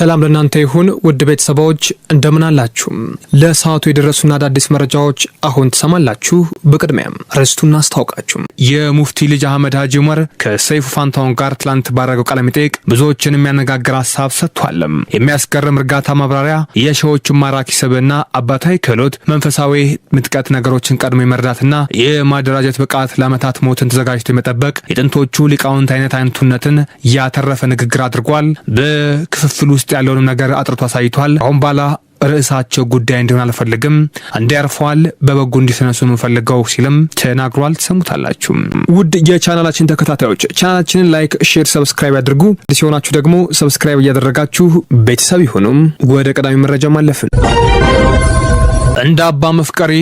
ሰላም ለእናንተ ይሁን ውድ ቤተሰባዎች እንደምን አላችሁ? ለሰዓቱ የደረሱና አዳዲስ መረጃዎች አሁን ትሰማላችሁ። በቅድሚያም ርዕስቱን አስታውቃችሁ፣ የሙፍቲ ልጅ አህመድ ሀጂ ዑመር ከሰይፉ ፋንታሁን ጋር ትላንት ባረገው ቃለ መጠይቅ ብዙዎችን የሚያነጋግር ሀሳብ ሰጥቷል። የሚያስገርም እርጋታ ማብራሪያ፣ የሸዎቹን ማራኪ ስብዕና፣ አባታዊ ክህሎት፣ መንፈሳዊ ምጥቀት፣ ነገሮችን ቀድሞ የመረዳትና የማደራጀት ብቃት፣ ለዓመታት ሞትን ተዘጋጅቶ የመጠበቅ የጥንቶቹ ሊቃውንት አይነት አይነቱነትን ያተረፈ ንግግር አድርጓል። በክፍፍል ውስጥ ውስጥ ያለውንም ነገር አጥርቶ አሳይቷል። አሁን ባላ ርዕሳቸው ጉዳይ እንዲሆን አልፈልግም፣ እንዲያርፈዋል በበጎ እንዲሰነሱ የምንፈልገው ሲልም ተናግሯል። ትሰሙታላችሁ። ውድ የቻናላችን ተከታታዮች ቻናላችንን ላይክ፣ ሼር፣ ሰብስክራይብ ያድርጉ። ሲሆናችሁ ደግሞ ሰብስክራይብ እያደረጋችሁ ቤተሰብ ይሁኑም። ወደ ቀዳሚ መረጃ ማለፍን እንደ አባ መፍቀሪ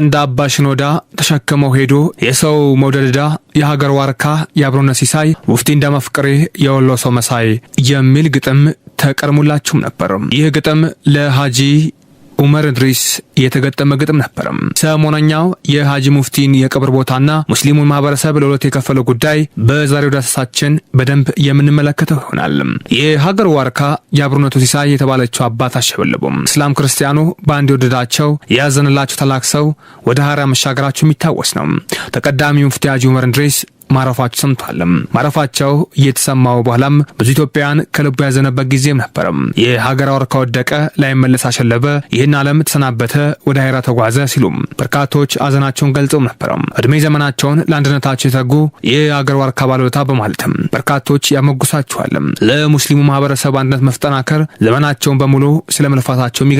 እንደ አባ ሽኖዳ ተሸክመው ሄዶ የሰው መውደድዳ የሀገር ዋርካ የአብሮነት ሲሳይ ውፍቲ እንደ መፍቅሬ የወሎ ሰው መሳይ የሚል ግጥም ተቀርሙላችሁም ነበር ይህ ግጥም ለሃጂ ኡመር እንድሪስ የተገጠመ ግጥም ነበርም። ሰሞነኛው የሃጂ ሙፍቲን የቀብር ቦታና ሙስሊሙን ማህበረሰብ ለሁለት የከፈለው ጉዳይ በዛሬው ዳሰሳችን በደንብ የምንመለከተው ይሆናል። የሀገር ዋርካ የአብሮነቱ ሲሳይ የተባለችው አባት አሸበለቡም እስላም ክርስቲያኑ በአንድ የወደዳቸው ያዘንላቸው ተላክሰው ወደ ሀራ መሻገራቸው የሚታወስ ነው። ተቀዳሚ ሙፍቲ ሃጂ ኡመር እንድሪስ ማረፋቸው ሰምቷልም። ማረፋቸው እየተሰማው በኋላም ብዙ ኢትዮጵያውያን ከልቡ ያዘነበት ጊዜም ነበርም። የሀገር አወር ከወደቀ ላይመለስ አሸለበ፣ ይህን ዓለም ተሰናበተ፣ ወደ ሀይራ ተጓዘ ሲሉም በርካቶች አዘናቸውን ገልጸውም ነበረም። እድሜ ዘመናቸውን ለአንድነታቸው የተጉ የሀገር ዋርካ ባለውለታ በማለትም በርካቶች ያመጉሳቸዋል። ለሙስሊሙ ማህበረሰብ አንድነት መፍጠናከር ዘመናቸውን በሙሉ ስለ መልፋታቸውም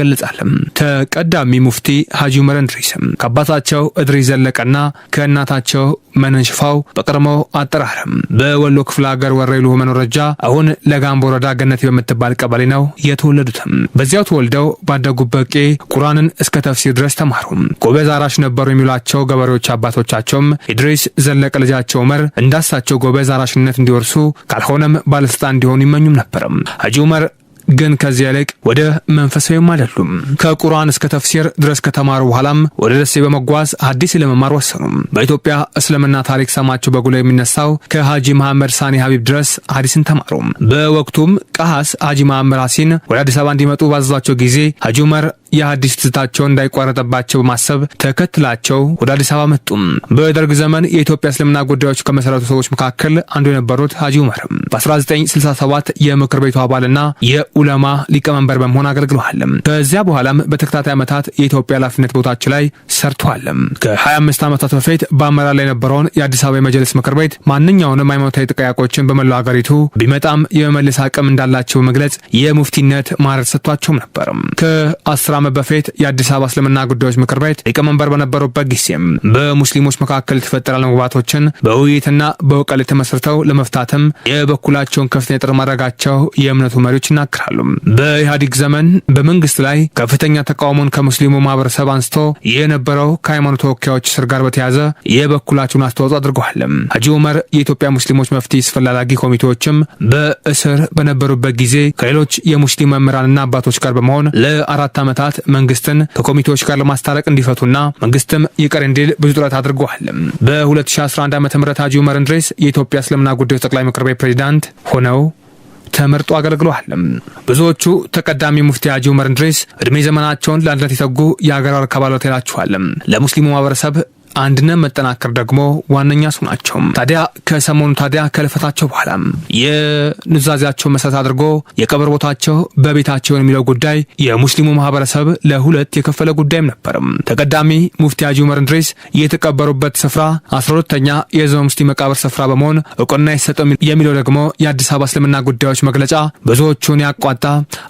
ተቀዳሚ ሙፍቲ ሀጂ ዑመር እንድሪስም ከአባታቸው እድሪስ ዘለቀና ከእናታቸው መነንሽፋው በቀድሞ አጠራር በወሎ ክፍለ ሀገር ወረኢሉ መኖረጃ አሁን ለጋምቦ ወረዳ ገነት በምትባል ቀበሌ ነው የተወለዱትም። በዚያው ተወልደው ባደጉበት ቄ ቁርአንን እስከ ተፍሲር ድረስ ተማሩ። ጎበዝ አራሽ ነበሩ የሚሏቸው ገበሬዎች አባቶቻቸውም ኢድሪስ ዘለቀ ልጃቸው ዑመር እንዳሳቸው ጎበዝ አራሽነት እንዲወርሱ ካልሆነም ባለስልጣን እንዲሆኑ ይመኙም ነበርም። ሐጂ ዑመር ግን ከዚያ ይልቅ ወደ መንፈሳዊም አይደሉም። ከቁርአን እስከ ተፍሲር ድረስ ከተማሩ በኋላም ወደ ደሴ በመጓዝ ሐዲስ ለመማር ወሰኑ። በኢትዮጵያ እስልምና ታሪክ ስማቸው በጉሎ የሚነሳው ከሐጂ መሐመድ ሳኒ ሀቢብ ድረስ ሐዲስን ተማሩ። በወቅቱም ቀሐስ ሐጂ መሐመድ ሐሲን ወደ አዲስ አበባ እንዲመጡ ባዘዟቸው ጊዜ ሐጂ ዑመር የሐዲስ ትዝታቸው እንዳይቋረጠባቸው በማሰብ ተከትላቸው ወደ አዲስ አበባ መጡም። በደርግ ዘመን የኢትዮጵያ እስልምና ጉዳዮች ከመሰረቱ ሰዎች መካከል አንዱ የነበሩት ሀጂ ዑመር በ1967 የምክር ቤቱ አባልና የኡለማ ሊቀመንበር በመሆን አገልግለዋል። ከዚያ በኋላም በተከታታይ ዓመታት የኢትዮጵያ ኃላፊነት ቦታች ላይ ሰርተዋል። ከ25 ዓመታት በፊት በአመራር ላይ የነበረውን የአዲስ አበባ የመጀልስ ምክር ቤት ማንኛውንም ሃይማኖታዊ ጥያቄዎችን በመላው ሀገሪቱ ቢመጣም የመመለስ አቅም እንዳላቸው መግለጽ የሙፍቲነት ማዕረግ ሰጥቷቸውም ነበርም ከ ዓመት በፊት የአዲስ አበባ እስልምና ጉዳዮች ምክር ቤት ሊቀመንበር በነበሩበት ጊዜም በሙስሊሞች መካከል የተፈጠረ አለመግባባቶችን በውይይትና በእውቀት ተመስርተው ለመፍታትም የበኩላቸውን ከፍተኛ ጥረት ማድረጋቸው የእምነቱ መሪዎች ይናገራሉ። በኢህአዴግ ዘመን በመንግስት ላይ ከፍተኛ ተቃውሞን ከሙስሊሙ ማህበረሰብ አንስቶ የነበረው ከሃይማኖት ተወካዮች ስር ጋር በተያያዘ የበኩላቸውን አስተዋጽኦ አድርገዋል። ሀጂ ኡመር የኢትዮጵያ ሙስሊሞች መፍትሄ አስፈላላጊ ኮሚቴዎችም በእስር በነበሩበት ጊዜ ከሌሎች የሙስሊም መምህራንና አባቶች ጋር በመሆን ለአራት ዓመታት በመግባት መንግስትን ከኮሚቴዎች ጋር ለማስታረቅ እንዲፈቱና መንግስትም ይቅር እንዲል ብዙ ጥረት አድርጓል በ በ2011 ዓ ም ሀጂ ዑመር እንድሬስ የኢትዮጵያ እስልምና ጉዳዮች ጠቅላይ ምክር ቤት ፕሬዚዳንት ሆነው ተመርጦ አገልግሏል። ብዙዎቹ ተቀዳሚ ሙፍቲ ሀጂ ዑመር እንድሬስ ዕድሜ ዘመናቸውን ለአንድነት የተጉ የሀገር አርካባሎት ይላችኋል። ለሙስሊሙ ማህበረሰብ አንድነት መጠናከር ደግሞ ዋነኛ ሱ ናቸው። ታዲያ ከሰሞኑ ታዲያ ከልፈታቸው በኋላ የኑዛዜያቸው መሰረት አድርጎ የቀብር ቦታቸው በቤታቸው የሚለው ጉዳይ የሙስሊሙ ማህበረሰብ ለሁለት የከፈለ ጉዳይም ነበርም። ተቀዳሚ ሙፍቲ ሀጂ ዑመር እንድሪስ የተቀበሩበት ስፍራ አስራ ሁለተኛ የህዝበ ሙስሊም መቃብር ስፍራ በመሆን እውቅና ይሰጠው የሚለው ደግሞ የአዲስ አበባ እስልምና ጉዳዮች መግለጫ ብዙዎቹን ያቋጣ፣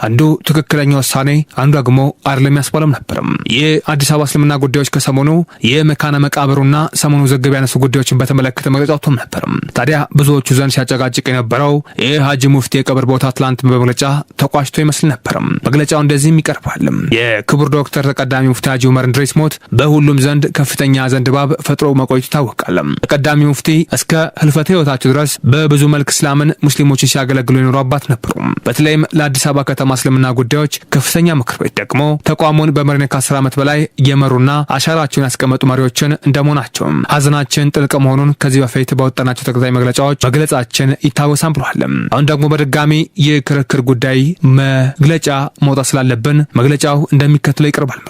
አንዱ ትክክለኛ ውሳኔ፣ አንዱ ደግሞ አይደለም ያስባለም ነበርም። የአዲስ አበባ እስልምና ጉዳዮች ከሰሞኑ የመካነ መቃብሩና ሰሞኑ ዘገብ ያነሱ ጉዳዮችን በተመለከተ መግለጫ አውጥቶም ነበር። ታዲያ ብዙዎቹ ዘንድ ሲያጨቃጭቅ የነበረው ይህ ሀጂ ሙፍቲ የቀብር ቦታ ትላንት በመግለጫ ተቋጭቶ ይመስል ነበር። መግለጫው እንደዚህም ይቀርባል። የክቡር ዶክተር ተቀዳሚ ሙፍቲ ሀጂ ዑመር እንድሪስ ሞት በሁሉም ዘንድ ከፍተኛ ዘንድ ባብ ፈጥሮ መቆየቱ ይታወቃል። ተቀዳሚ ሙፍቲ እስከ ህልፈተ ህይወታቸው ድረስ በብዙ መልክ እስላምን፣ ሙስሊሞችን ሲያገለግሉ የኖሩ አባት ነበሩ። በተለይም ለአዲስ አበባ ከተማ እስልምና ጉዳዮች ከፍተኛ ምክር ቤት ደግሞ ተቋሙን በመሪነት ከአስር ዓመት በላይ የመሩና አሻራቸውን ያስቀመጡ መሪዎችን እንደመሆናቸውም ሀዘናችን ጥልቅ መሆኑን ከዚህ በፊት በወጣናቸው ተከታታይ መግለጫዎች መግለጻችን ይታወሳል ብሏል። አሁን ደግሞ በድጋሚ የክርክር ጉዳይ መግለጫ መውጣት ስላለብን መግለጫው እንደሚከትለው ይቀርባል።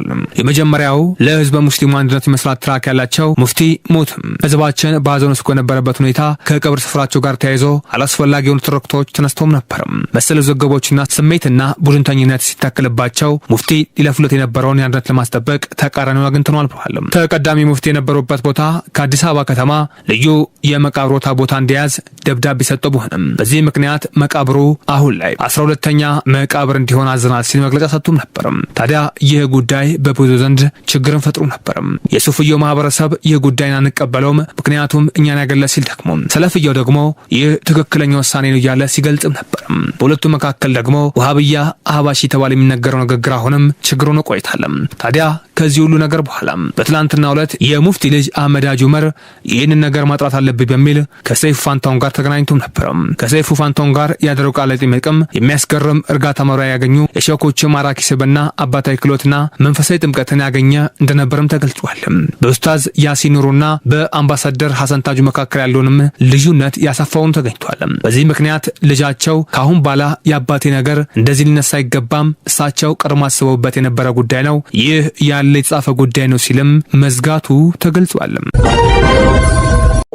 የመጀመሪያው ለህዝበ ሙስሊሙ አንድነት የመስራት ትራክ ያላቸው ሙፍቲ ሞትም ህዝባችን በሀዘን ውስጥ ከነበረበት ሁኔታ ከቀብር ስፍራቸው ጋር ተያይዞ አላስፈላጊ የሆኑ ትርክቶች ተነስቶም ነበር። መሰል ዘገቦችና ስሜትና ቡድንተኝነት ሲታክልባቸው ሙፍቲ ሊለፍሉት የነበረውን የአንድነት ለማስጠበቅ ተቃራኒውን አግኝተነዋል ብለዋል። ተቀዳሚ ሙፍቲ የነበሩበት ቦታ ከአዲስ አበባ ከተማ ልዩ የመቃብር ቦታ ቦታ እንዲያዝ ደብዳቤ ሰጠ። ቢሆንም በዚህ ምክንያት መቃብሩ አሁን ላይ አስራ ሁለተኛ መቃብር እንዲሆን አዘናል ሲል መግለጫ ሰጥቶም ነበርም። ታዲያ ይህ ጉዳይ በብዙ ዘንድ ችግርን ፈጥሮ ነበርም። የሱፍየው ማህበረሰብ ይህ ጉዳይን አንቀበለውም፣ ምክንያቱም እኛን ያገለ ሲል ደግሞ ሰለፍየው ደግሞ ይህ ትክክለኛ ውሳኔ ነው እያለ ሲገልጽም ነበርም። በሁለቱ መካከል ደግሞ ውሃብያ አህባሽ የተባለ የሚነገረው ንግግር አሁንም ችግሩን ቆይታለም ታዲያ ከዚህ ሁሉ ነገር በኋላ በትላንትናው ዕለት የሙፍቲ ልጅ አህመድ ሀጂ ዑመር ይህንን ነገር ማጥራት አለብኝ በሚል ከሰይፉ ፋንታውን ጋር ተገናኝቶም ነበር። ከሰይፉ ፋንታውን ጋር ያደረው ቃለ ጥምቅም የሚያስገርም እርጋታ መሪያ ያገኙ የሸኮች ማራኪ ስብዕና፣ አባታዊ ክሎትና መንፈሳዊ ጥምቀትን ያገኘ እንደነበረም ተገልጿል። በኡስታዝ ያሲን ኑሩና በአምባሳደር ሐሰን ታጁ መካከል ያለውንም ልዩነት ያሳፋውን ተገኝቷል። በዚህ ምክንያት ልጃቸው ከአሁን ባላ የአባቴ ነገር እንደዚህ ሊነሳ አይገባም፣ እሳቸው ቀድሞ አስበውበት የነበረ ጉዳይ ነው ይህ እንዳለ የተጻፈ ጉዳይ ነው ሲልም መዝጋቱ ተገልጿል።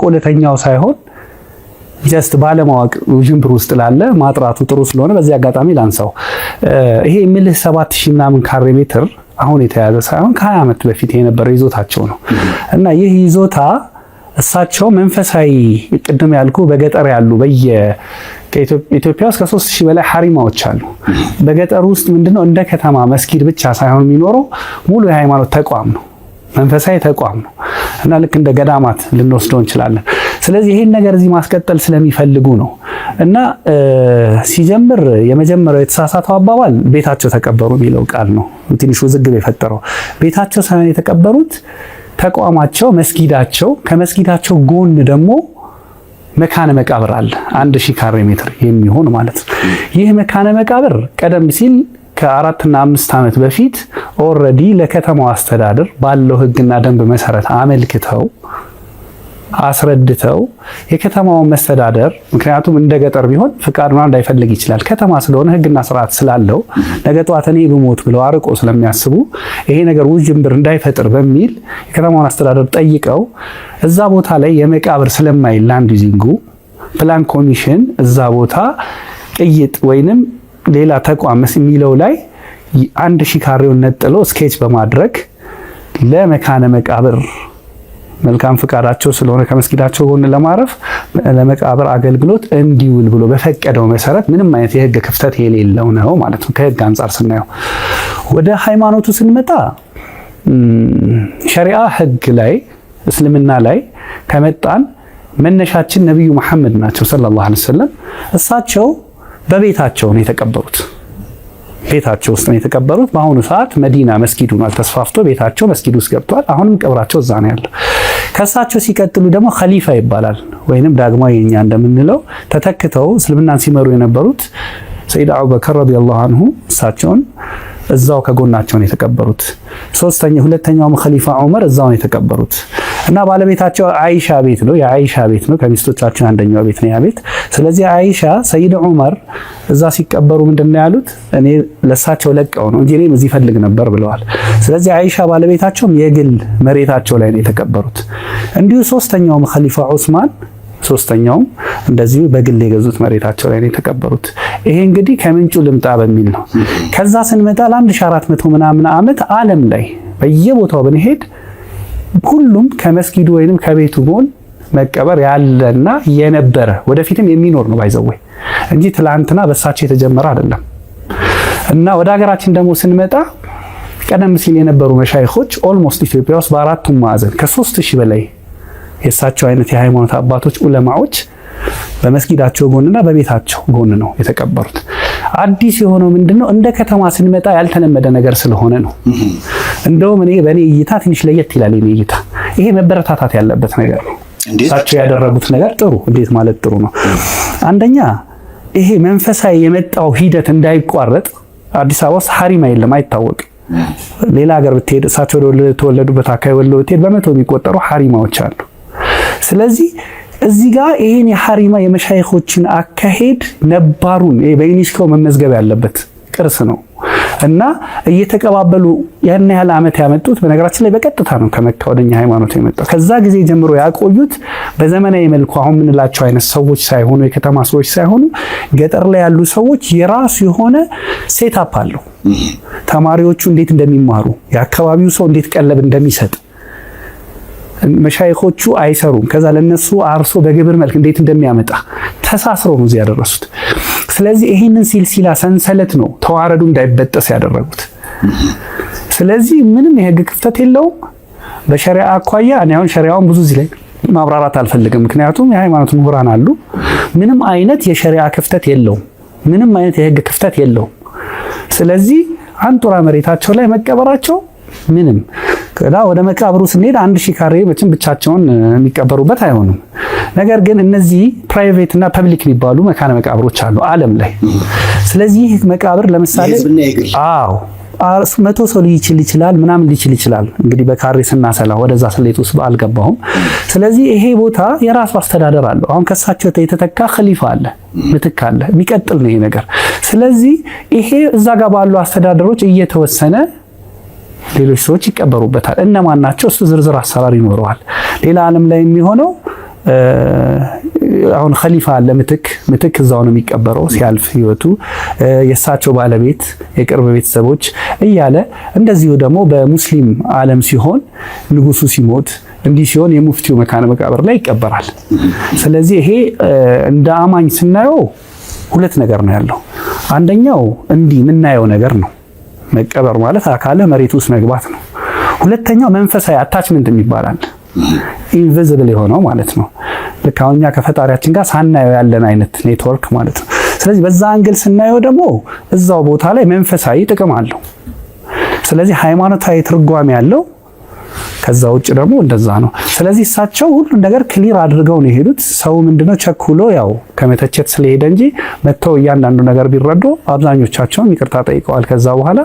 ቆለተኛው ሳይሆን ጀስት ባለማወቅ ውዥንብር ውስጥ ላለ ማጥራቱ ጥሩ ስለሆነ በዚህ አጋጣሚ ላንሳው። ይሄ የምልህ ሰባት ሺህ ምናምን ካሬ ሜትር አሁን የተያዘ ሳይሆን ከሀያ ዓመት በፊት የነበረ ይዞታቸው ነው እና ይህ ይዞታ እሳቸው መንፈሳዊ ቅድም ያልኩ በገጠር ያሉ በየ ኢትዮጵያ ውስጥ ከሶስት ሺህ በላይ ሀሪማዎች አሉ። በገጠር ውስጥ ምንድነው እንደ ከተማ መስጊድ ብቻ ሳይሆን የሚኖረው ሙሉ የሃይማኖት ተቋም ነው፣ መንፈሳዊ ተቋም ነው እና ልክ እንደ ገዳማት ልንወስደው እንችላለን። ስለዚህ ይሄን ነገር እዚህ ማስቀጠል ስለሚፈልጉ ነው እና ሲጀምር የመጀመሪያው የተሳሳተው አባባል ቤታቸው ተቀበሩ የሚለው ቃል ነው ትንሽ ውዝግብ የፈጠረው። ቤታቸው ሳይሆን የተቀበሩት ተቋማቸው መስጊዳቸው፣ ከመስጊዳቸው ጎን ደግሞ መካነ መቃብር አለ። አንድ ሺህ ካሬ ሜትር የሚሆን ማለት ነው። ይህ መካነ መቃብር ቀደም ሲል ከአራትና አምስት ዓመት በፊት ኦልሬዲ ለከተማው አስተዳደር ባለው ህግና ደንብ መሰረት አመልክተው አስረድተው የከተማውን መስተዳደር ምክንያቱም እንደ ገጠር ቢሆን ፍቃድ ምናምን ላይፈልግ ይችላል። ከተማ ስለሆነ ህግና ስርዓት ስላለው ነገ ጠዋት እኔ ብሞት ብለው አርቆ ስለሚያስቡ ይሄ ነገር ውዥንብር እንዳይፈጥር በሚል የከተማውን አስተዳደር ጠይቀው እዛ ቦታ ላይ የመቃብር ስለማይል ላንድ ዩዚንጉ ፕላን ኮሚሽን እዛ ቦታ ቅይጥ ወይንም ሌላ ተቋም የሚለው ላይ አንድ ሺህ ካሬውን ነጥሎ ስኬች በማድረግ ለመካነ መቃብር መልካም ፍቃዳቸው ስለሆነ ከመስጊዳቸው ጎን ለማረፍ ለመቃብር አገልግሎት እንዲውል ብሎ በፈቀደው መሰረት ምንም አይነት የህግ ክፍተት የሌለው ነው ማለት ነው። ከህግ አንጻር ስናየው ወደ ሃይማኖቱ ስንመጣ ሸሪአ ህግ ላይ እስልምና ላይ ከመጣን መነሻችን ነቢዩ መሐመድ ናቸው ሰለላሁ ዐለይሂ ወሰለም። እሳቸው በቤታቸው ነው የተቀበሩት ቤታቸው ውስጥ ነው የተቀበሩት። በአሁኑ ሰዓት መዲና መስጊዱን አልተስፋፍቶ ቤታቸው መስጊድ ውስጥ ገብቷል። አሁንም ቀብራቸው እዛ ነው ያለው። ከእሳቸው ሲቀጥሉ ደግሞ ኸሊፋ ይባላል ወይንም ዳግማዊ የኛ እንደምንለው ተተክተው እስልምናን ሲመሩ የነበሩት ሰይድ አቡበከር ረዲየላሁ አንሁ እሳቸውን እዛው ነው የተቀበሩት። ሶስተኛ ሁለተኛውም ኸሊፋ ዑመር ነው የተቀበሩት እና ባለቤታቸው አይሻ ቤት ነው፣ የአይሻ ቤት ነው። ከሚስቶቻችን አንደኛው ቤት ነው ያ ቤት። ስለዚህ አይሻ ሰይድ ዑመር እዛ ሲቀበሩ ምንድን ነው ያሉት? እኔ ለሳቸው ለቀው ነው እንጂ እኔም እዚህ ፈልግ ነበር ብለዋል። ስለዚህ አይሻ ባለቤታቸውም የግል መሬታቸው ላይ ነው የተቀበሩት። እንዲሁ ሶስተኛውም ኸሊፋ ዑስማን ሶስተኛውም እንደዚሁ በግል የገዙት መሬታቸው ላይ ነው የተቀበሩት። ይሄ እንግዲህ ከምንጩ ልምጣ በሚል ነው። ከዛ ስንመጣ ለ1400 ምናምን ዓመት ዓለም ላይ በየቦታው ብንሄድ ሁሉም ከመስጊዱ ወይንም ከቤቱ ጎን መቀበር ያለና የነበረ ወደፊትም የሚኖር ነው ባይዘወይ እንጂ ትላንትና በሳቸው የተጀመረ አይደለም። እና ወደ ሀገራችን ደግሞ ስንመጣ ቀደም ሲል የነበሩ መሻይኮች ኦልሞስት ኢትዮጵያ ውስጥ በአራቱም ማዕዘን ከሶስት ሺህ በላይ የእሳቸው አይነት የሃይማኖት አባቶች ዑለማዎች በመስጊዳቸው ጎንና በቤታቸው ጎን ነው የተቀበሩት። አዲስ የሆነው ምንድነው እንደ ከተማ ስንመጣ ያልተለመደ ነገር ስለሆነ ነው። እንደውም እኔ በእኔ እይታ ትንሽ ለየት ይላል። የኔ እይታ ይሄ መበረታታት ያለበት ነገር ነው። እሳቸው ያደረጉት ነገር ጥሩ። እንዴት ማለት ጥሩ ነው? አንደኛ ይሄ መንፈሳዊ የመጣው ሂደት እንዳይቋረጥ አዲስ አበባ ውስጥ ሀሪማ የለም፣ አይታወቅም። ሌላ ሀገር ብትሄድ እሳቸው ተወለዱበት አካባቢ ወሎ ብትሄድ በመቶ የሚቆጠሩ ሀሪማዎች አሉ። ስለዚህ እዚህ ጋር ይሄን የሐሪማ የመሻይኮችን አካሄድ ነባሩን በዩኔስኮ መመዝገብ ያለበት ቅርስ ነው እና እየተቀባበሉ ያን ያህል ዓመት ያመጡት በነገራችን ላይ በቀጥታ ነው ከመካ ወደኛ ሃይማኖት የመጣው። ከዛ ጊዜ ጀምሮ ያቆዩት በዘመናዊ መልኩ አሁን የምንላቸው አይነት ሰዎች ሳይሆኑ የከተማ ሰዎች ሳይሆኑ ገጠር ላይ ያሉ ሰዎች የራሱ የሆነ ሴታፕ አለው። ተማሪዎቹ እንዴት እንደሚማሩ፣ የአካባቢው ሰው እንዴት ቀለብ እንደሚሰጥ መሻይኮቹ አይሰሩም። ከዛ ለነሱ አርሶ በግብር መልክ እንዴት እንደሚያመጣ ተሳስሮ ነው እዚህ ያደረሱት። ስለዚህ ይህንን ሲልሲላ ሰንሰለት ነው ተዋረዱ እንዳይበጠስ ያደረጉት። ስለዚህ ምንም የህግ ክፍተት የለውም በሸሪያ አኳያ። እኔ አሁን ሸሪያውን ብዙ እዚህ ላይ ማብራራት አልፈልግም፣ ምክንያቱም የሃይማኖት ምሁራን አሉ። ምንም አይነት የሸሪያ ክፍተት የለውም። ምንም አይነት የህግ ክፍተት የለውም። ስለዚህ አንጡራ መሬታቸው ላይ መቀበራቸው ምንም ከዛ ወደ መቃብሩ ስንሄድ አንድ ሺህ ካሬ መቼም ብቻቸውን የሚቀበሩበት አይሆንም። ነገር ግን እነዚህ ፕራይቬት እና ፐብሊክ የሚባሉ መካነ መቃብሮች አሉ ዓለም ላይ። ስለዚህ መቃብር ለምሳሌ አዎ መቶ ሰው ሊችል ይችላል ምናምን ሊችል ይችላል። እንግዲህ በካሬ ስናሰላ ወደዛ ስሌት ውስጥ አልገባሁም። ስለዚህ ይሄ ቦታ የራሱ አስተዳደር አለው። አሁን ከሳቸው የተተካ ኸሊፋ አለ፣ ምትክ አለ፣ የሚቀጥል ነው ይሄ ነገር። ስለዚህ ይሄ እዛ ጋር ባሉ አስተዳደሮች እየተወሰነ ሌሎች ሰዎች ይቀበሩበታል። እነማን ናቸው? እሱ ዝርዝር አሰራር ይኖረዋል። ሌላ ዓለም ላይ የሚሆነው አሁን ኸሊፋ አለ። ምትክ ምትክ እዛው ነው የሚቀበረው ሲያልፍ ህይወቱ፣ የእሳቸው ባለቤት፣ የቅርብ ቤተሰቦች እያለ እንደዚሁ ደግሞ በሙስሊም ዓለም ሲሆን ንጉሱ ሲሞት እንዲህ ሲሆን የሙፍቲው መካነ መቃብር ላይ ይቀበራል። ስለዚህ ይሄ እንደ አማኝ ስናየው ሁለት ነገር ነው ያለው። አንደኛው እንዲህ የምናየው ነገር ነው መቀበር ማለት አካለ መሬት ውስጥ መግባት ነው። ሁለተኛው መንፈሳዊ አታችመንት የሚባላል ኢንቪዝብል የሆነው ማለት ነው። ልክ አሁን እኛ ከፈጣሪያችን ጋር ሳናየው ያለን አይነት ኔትወርክ ማለት ነው። ስለዚህ በዛ አንግል ስናየው ደግሞ እዛው ቦታ ላይ መንፈሳዊ ጥቅም አለው። ስለዚህ ሃይማኖታዊ ትርጓሜ ያለው ከዛ ውጭ ደግሞ እንደዛ ነው። ስለዚህ እሳቸው ሁሉን ነገር ክሊር አድርገው ነው የሄዱት። ሰው ምንድነው ቸኩሎ ያው ከመተቸት ስለሄደ እንጂ መጥተው እያንዳንዱ ነገር ቢረዱ አብዛኞቻቸውም ይቅርታ ጠይቀዋል። ከዛ በኋላ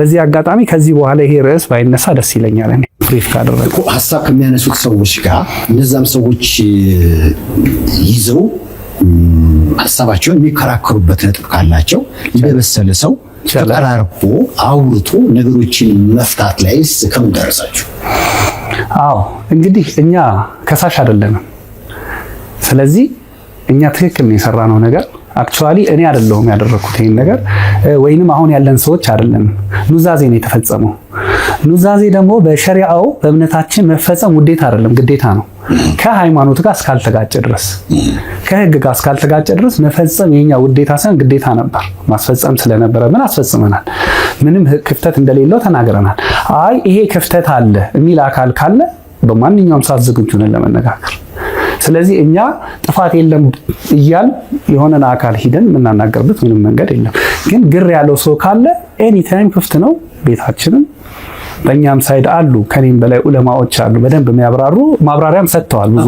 በዚህ አጋጣሚ ከዚህ በኋላ ይሄ ርዕስ ባይነሳ ደስ ይለኛል። እኔ ብሪፍ ሀሳብ ከሚያነሱት ሰዎች ጋር እነዛም ሰዎች ይዘው ሀሳባቸውን የሚከራከሩበት ነጥብ ካላቸው ለበሰለ ሰው ተቀራርቦ አውርቶ ነገሮችን መፍታት ላይ ስከም ደረሳችሁ? አዎ እንግዲህ እኛ ከሳሽ አይደለንም። ስለዚህ እኛ ትክክል ነው የሰራነው ነገር አክቹዋሊ እኔ አይደለሁም ያደረኩት ይሄን ነገር፣ ወይንም አሁን ያለን ሰዎች አይደለንም። ኑዛዜ ነው የተፈጸመው። ኑዛዜ ደግሞ በሸሪዓው በእምነታችን መፈጸም ውዴታ አይደለም፣ ግዴታ ነው። ከሃይማኖት ጋር እስካልተጋጨ ድረስ ከህግ ጋር እስካልተጋጨ ድረስ መፈጸም የኛ ውዴታ ሳይሆን ግዴታ ነበር። ማስፈጸም ምን አስፈጽመናል። ምንም ክፍተት እንደሌለው ተናግረናል። አይ ይሄ ክፍተት አለ የሚል አካል ካለ በማንኛውም ሰዓት ዝግጁ ነን ለመነጋገር። ስለዚህ እኛ ጥፋት የለም እያል የሆነን አካል ሂደን የምናናገርበት ምንም መንገድ የለም። ግን ግር ያለው ሰው ካለ ኤኒታይም ክፍት ነው ቤታችንም በእኛም ሳይድ አሉ፣ ከኔም በላይ ዑለማዎች አሉ በደንብ የሚያብራሩ ማብራሪያም ሰጥተዋል። ብዙ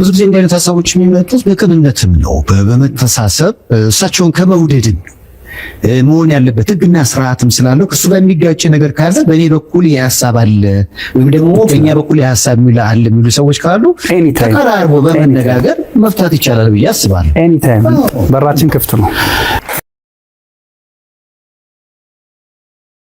ብዙ ጊዜ እንዲህ ሀሳቦች የሚመጡት በቅንነትም ነው በመተሳሰብ እሳቸውን ከመውደድም መሆን ያለበት ህግና ስርዓትም ስላለው ከሱ ጋር የሚጋጭ ነገር ካለ በእኔ በኩል የሀሳብ አለ ወይም ደግሞ በእኛ በኩል የሀሳብ አለ የሚሉ ሰዎች ካሉ ተቀራርቦ በመነጋገር መፍታት ይቻላል ብዬ አስባለሁ። ኤኒታይም በራችን ክፍት ነው።